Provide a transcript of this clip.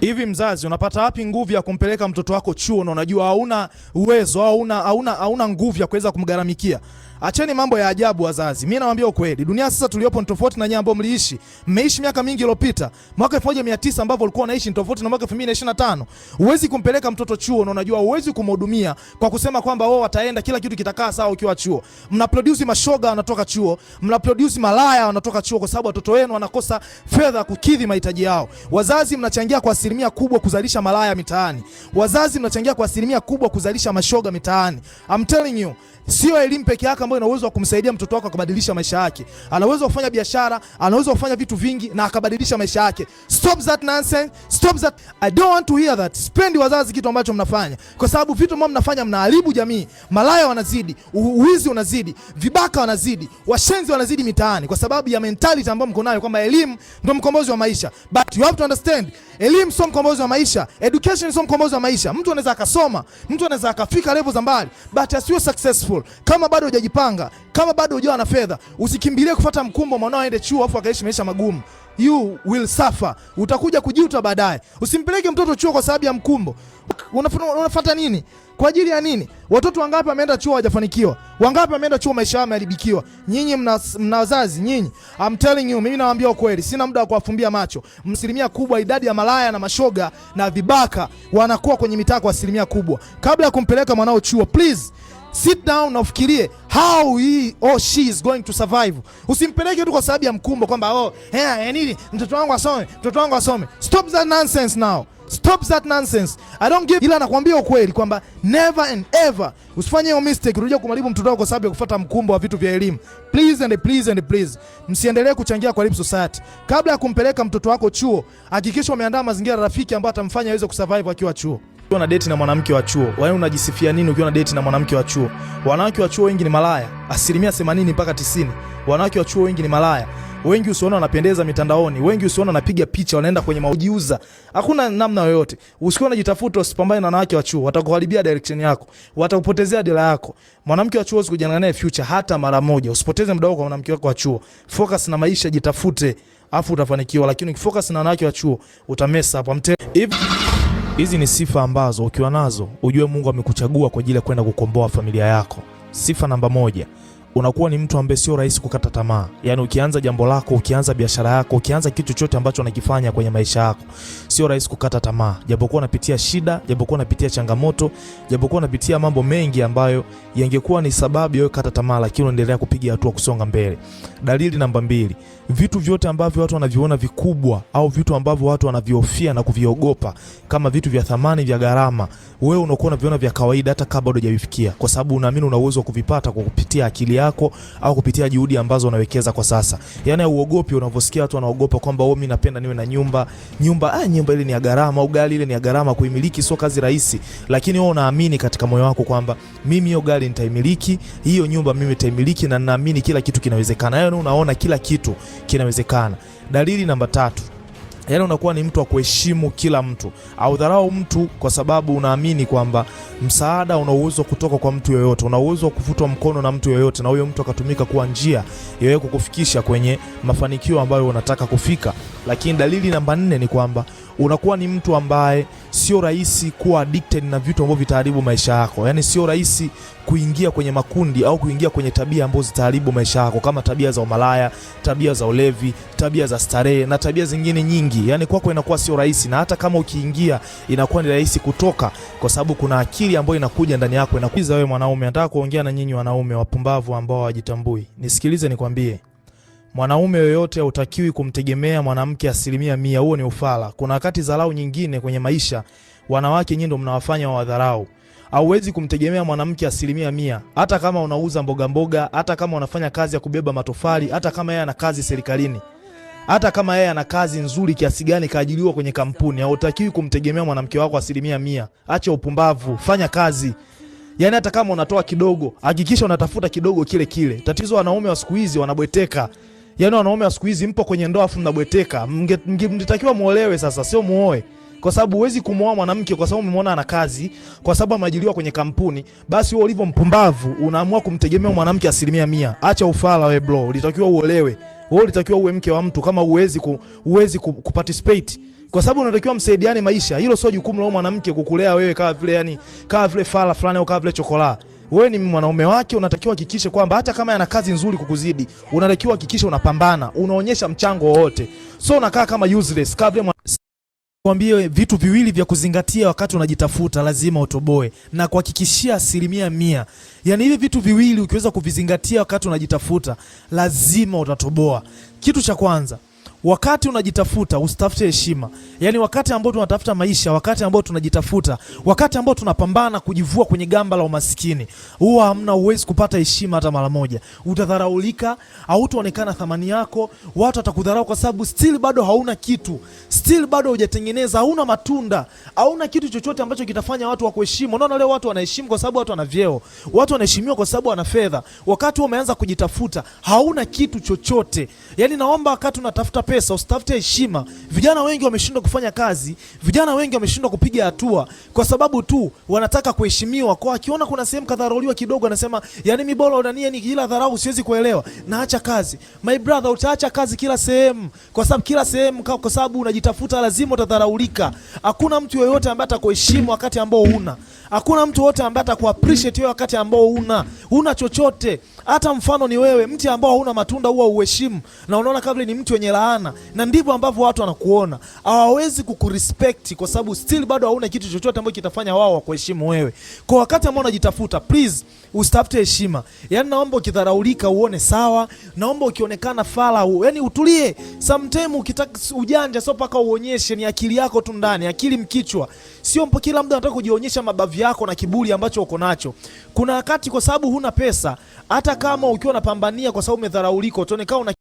Hivi mzazi, unapata wapi nguvu ya kumpeleka mtoto wako chuo na unajua hauna uwezo au hauna nguvu ya kuweza kumgaramikia Acheni mambo ya ajabu wazazi. Mimi nawaambia ukweli. Dunia sasa tuliopo ni tofauti na nyambo mliishi. Mmeishi miaka mingi iliyopita. Mwaka 1900 ambapo ulikuwa unaishi ni tofauti na mwaka 2025. Huwezi kumpeleka mtoto chuo na unajua huwezi kumhudumia kwa kusema kwamba wao wataenda kila kitu kitakaa sawa ukiwa chuo. Mna produce mashoga wanatoka chuo, mna produce malaya wanatoka chuo kwa sababu watoto wenu wanakosa fedha kukidhi mahitaji yao. Wazazi mnachangia kwa asilimia kubwa kuzalisha malaya mitaani. Wazazi mnachangia kwa asilimia kubwa kuzalisha mashoga mitaani. I'm telling you, sio elimu pekee yake ambayo ina uwezo wa kumsaidia mtoto wako akabadilisha maisha yake. Ana uwezo kufanya biashara, ana uwezo kufanya vitu vingi na akabadilisha maisha yake. Stop that nonsense. Stop that. I don't want to hear that. Spend wazazi kitu ambacho mnafanya. Kwa sababu vitu ambavyo mnafanya mnaharibu jamii. Malaya wanazidi, uwizi unazidi, vibaka wanazidi, washenzi wanazidi mitaani kwa sababu ya mentality ambayo mko nayo kwamba elimu ndio mkombozi wa maisha. But you have to understand, elimu sio mkombozi wa maisha. Education sio mkombozi wa maisha. Mtu anaweza akasoma, mtu anaweza akafika level za mbali, but asiwe successful kama bado hujajipa kujipanga. Kama bado hujawa na fedha, usikimbilie kufata mkumbo mwanao aende chuo afu akaishi maisha magumu. You will suffer, utakuja kujuta baadaye. Usimpeleke mtoto chuo kwa sababu ya mkumbo. Unafuata nini? Kwa ajili ya nini? Watoto wangapi wameenda chuo hawajafanikiwa? Wangapi wameenda chuo maisha yao yameharibikiwa? Nyinyi mna, mna wazazi nyinyi. I'm telling you, mimi nawaambia ukweli, sina muda wa kuwafumbia macho. Asilimia kubwa idadi ya malaya na mashoga na vibaka wanakuwa kwenye mitaa kwa asilimia kubwa. Kabla ya kumpeleka mwanao chuo, please Sit down na ufikirie how he or she is going to survive. Usimpeleke tu kwa sababu ya mkumbo kwamba oh, eh, eh, nini mtoto wangu asome, mtoto wangu asome. Stop that nonsense now. Stop that nonsense. I don't give ila nakwambia ukweli kwamba never and ever usifanye hiyo mistake rudia kumharibu mtoto wako kwa sababu ya kufuata mkumbo wa vitu vya elimu. Please and please and please. Msiendelee kuchangia kwa lip Society. Kabla ya kumpeleka mtoto wako chuo, hakikisha umeandaa mazingira rafiki ambayo atamfanya aweze kusurvive akiwa chuo ukiwa na date na mwanamke wa chuo, wewe yaani unajisifia nini ukiwa na date na mwanamke wa chuo? Wanawake wa chuo wengi ni malaya, asilimia 80 mpaka 90. Wanawake wa chuo wengi ni malaya. Wengi usiona wanapendeza mitandaoni, wengi usiona wanapiga picha, wanaenda kwenye maujiuza. Hakuna namna yoyote. Usikiwa unajitafuta, usipambane na wanawake wa chuo, watakuharibia direction yako, watakupotezea dela yako. Mwanamke wa chuo usikujangana naye future hata mara moja. Usipoteze muda wako kwa mwanamke wako wa chuo. Focus na maisha, jitafute afu utafanikiwa, lakini ukifocus na wanawake wa chuo utamesa hapo. Hizi ni sifa ambazo ukiwa nazo ujue Mungu amekuchagua kwa ajili ya kwenda kukomboa familia yako. Sifa namba moja, unakuwa ni mtu ambaye sio rahisi kukata tamaa. Yaani ukianza jambo lako, ukianza biashara yako, ukianza kitu chochote ambacho unakifanya kwenye maisha yako, sio rahisi kukata tamaa. Japokuwa unapitia shida, japokuwa unapitia changamoto, japokuwa unapitia mambo mengi ambayo yangekuwa ni sababu ya kukata tamaa, lakini unaendelea kupiga hatua kusonga mbele. Dalili namba mbili, vitu vyote ambavyo watu wanaviona vikubwa au vitu ambavyo watu wanavihofia na kuviogopa kama vitu vya thamani vya gharama, wewe unakuwa unaviona vya kawaida hata kabla hujavifikia, kwa sababu unaamini una uwezo wa kuvipata kwa kupitia akili yako au kupitia juhudi ambazo unawekeza kwa sasa. Yaani uogopi unavyosikia watu wanaogopa kwamba wao, oh, mimi napenda niwe na nyumba, nyumba ah, nyumba ile ni ya gharama au gari ile ni ya gharama, kuimiliki sio kazi rahisi. Lakini wewe unaamini katika moyo wako kwamba mimi hiyo gari nitaimiliki, hiyo nyumba mimi nitaimiliki na naamini kila kitu kinawezekana. Yaani unaona kila kitu kinawezekana. Dalili namba tatu yani unakuwa ni mtu wa kuheshimu kila mtu, audharau mtu kwa sababu unaamini kwamba msaada una uwezo kutoka kwa mtu yoyote, una uwezo wa kufutwa mkono na mtu yoyote, na huyo mtu akatumika kuwa njia ya kukufikisha kwenye mafanikio ambayo unataka kufika. Lakini dalili namba nne ni kwamba unakuwa ni mtu ambaye sio rahisi kuwa addicted na vitu ambavyo vitaharibu maisha yako, yaani sio rahisi kuingia kwenye makundi au kuingia kwenye tabia ambazo zitaharibu maisha yako, kama tabia za umalaya, tabia za ulevi, tabia za starehe na tabia zingine nyingi. Yaani kwako inakuwa sio rahisi, na hata kama ukiingia inakuwa ni rahisi kutoka, kwa sababu kuna akili ambayo inakuja ndani yako. inakuza. wewe mwanaume, nataka kuongea na nyinyi wanaume wapumbavu ambao hawajitambui, nisikilize nikwambie. Mwanaume yoyote hautakiwi kumtegemea mwanamke asilimia mia. Huo ni ufala. Kuna wakati dharau nyingine kwenye maisha, wanawake nyinyi ndo mnawafanya wadharau. Hauwezi kumtegemea mwanamke asilimia mia, hata kama unauza mbogamboga, hata kama unafanya kazi ya kubeba matofali, hata kama yeye ana kazi serikalini, hata kama yeye ana kazi nzuri kiasi gani, kaajiliwa kwenye kampuni. Hautakiwi kumtegemea mwanamke wako asilimia mia. Acha upumbavu, fanya kazi. Yaani hata kama unatoa kidogo, hakikisha unatafuta kidogo kile kile. Tatizo wanaume wa siku hizi wanabweteka. Yaani wanaume wa siku hizi mpo kwenye ndoa afu mnabweteka. Mngetakiwa muolewe sasa, sio muoe. Kwa sababu huwezi kumwoa mwanamke kwa sababu umemwona ana kazi, kwa sababu ameajiriwa kwenye kampuni. Basi wewe ulivyo mpumbavu unaamua kumtegemea mwanamke asilimia mia. Acha ufala we bro, ulitakiwa uolewe. Wewe ulitakiwa uwe mke wa mtu kama uwezi ku, uwezi ku, ku participate. Kwa sababu unatakiwa msaidiane maisha. Hilo sio jukumu la mwanamke kukulea wewe kama vile yani kama vile fala fulani au kama vile chokolaa wewe ni mwanaume wake, unatakiwa hakikishe kwamba hata kama ana kazi nzuri kukuzidi, unatakiwa hakikishe unapambana, unaonyesha mchango wowote, so unakaa kama useless kabla Kwambie vitu viwili vya kuzingatia wakati unajitafuta, lazima utoboe na kuhakikishia asilimia mia. Yani hivi vitu viwili ukiweza kuvizingatia wakati unajitafuta, lazima utatoboa. Kitu cha kwanza Wakati unajitafuta usitafute heshima. Yaani wakati ambao tunatafuta maisha, wakati ambao tunajitafuta, wakati ambao tunapambana kujivua kwenye gamba la umasikini, huwa hamna, uwezi kupata heshima hata mara moja. Utadharaulika, hautaonekana thamani yako, watu watakudharau kwa sababu still bado hauna kitu, still bado hujatengeneza, hauna matunda, hauna kitu chochote ambacho kitafanya watu wakuheshimu. Unaona, leo watu wanaheshimu kwa sababu watu wana vyeo, watu wanaheshimiwa kwa sababu wana fedha. Wakati umeanza kujitafuta, hauna kitu chochote. Yaani naomba wakati unatafuta pesa, usitafute heshima. Vijana wengi wameshindwa kufanya kazi, vijana wengi wameshindwa kupiga hatua kwa sababu tu wanataka kuheshimiwa. Kwa akiona kuna sehemu kadharauliwa kidogo, anasema yani mimi bora unanie ni kila dharau siwezi kuelewa, naacha kazi. My brother, utaacha kazi kila sehemu, kwa sababu kila sehemu, kwa sababu unajitafuta, lazima utadharaulika. Hakuna mtu yoyote ambaye atakuheshimu wakati ambao huna Hakuna mtu wote ambaye ataku appreciate wewe wakati ambao una una chochote. Hata mfano ni wewe, mti ambao hauna matunda huwa uheshimu na unaona kabla ni mtu wenye laana, na ndivyo ambavyo watu wanakuona. Hawawezi kukurespect kwa sababu still bado hauna kitu chochote ambacho kitafanya wao wakuheshimu wewe. Kwa wakati ambao unajitafuta, please usitafute heshima. Yaani naomba ukidharaulika uone sawa, naomba ukionekana fala, yaani utulie. Sometimes ukitaka ujanja sio paka uonyeshe, ni akili yako tu ndani, akili mkichwa. Sio mpo kila mtu anataka kujionyesha mabavu vyako yako na kiburi ambacho uko nacho. Kuna wakati kwa sababu huna pesa, hata kama ukiwa unapambania, kwa sababu umedharaulika, utaonekana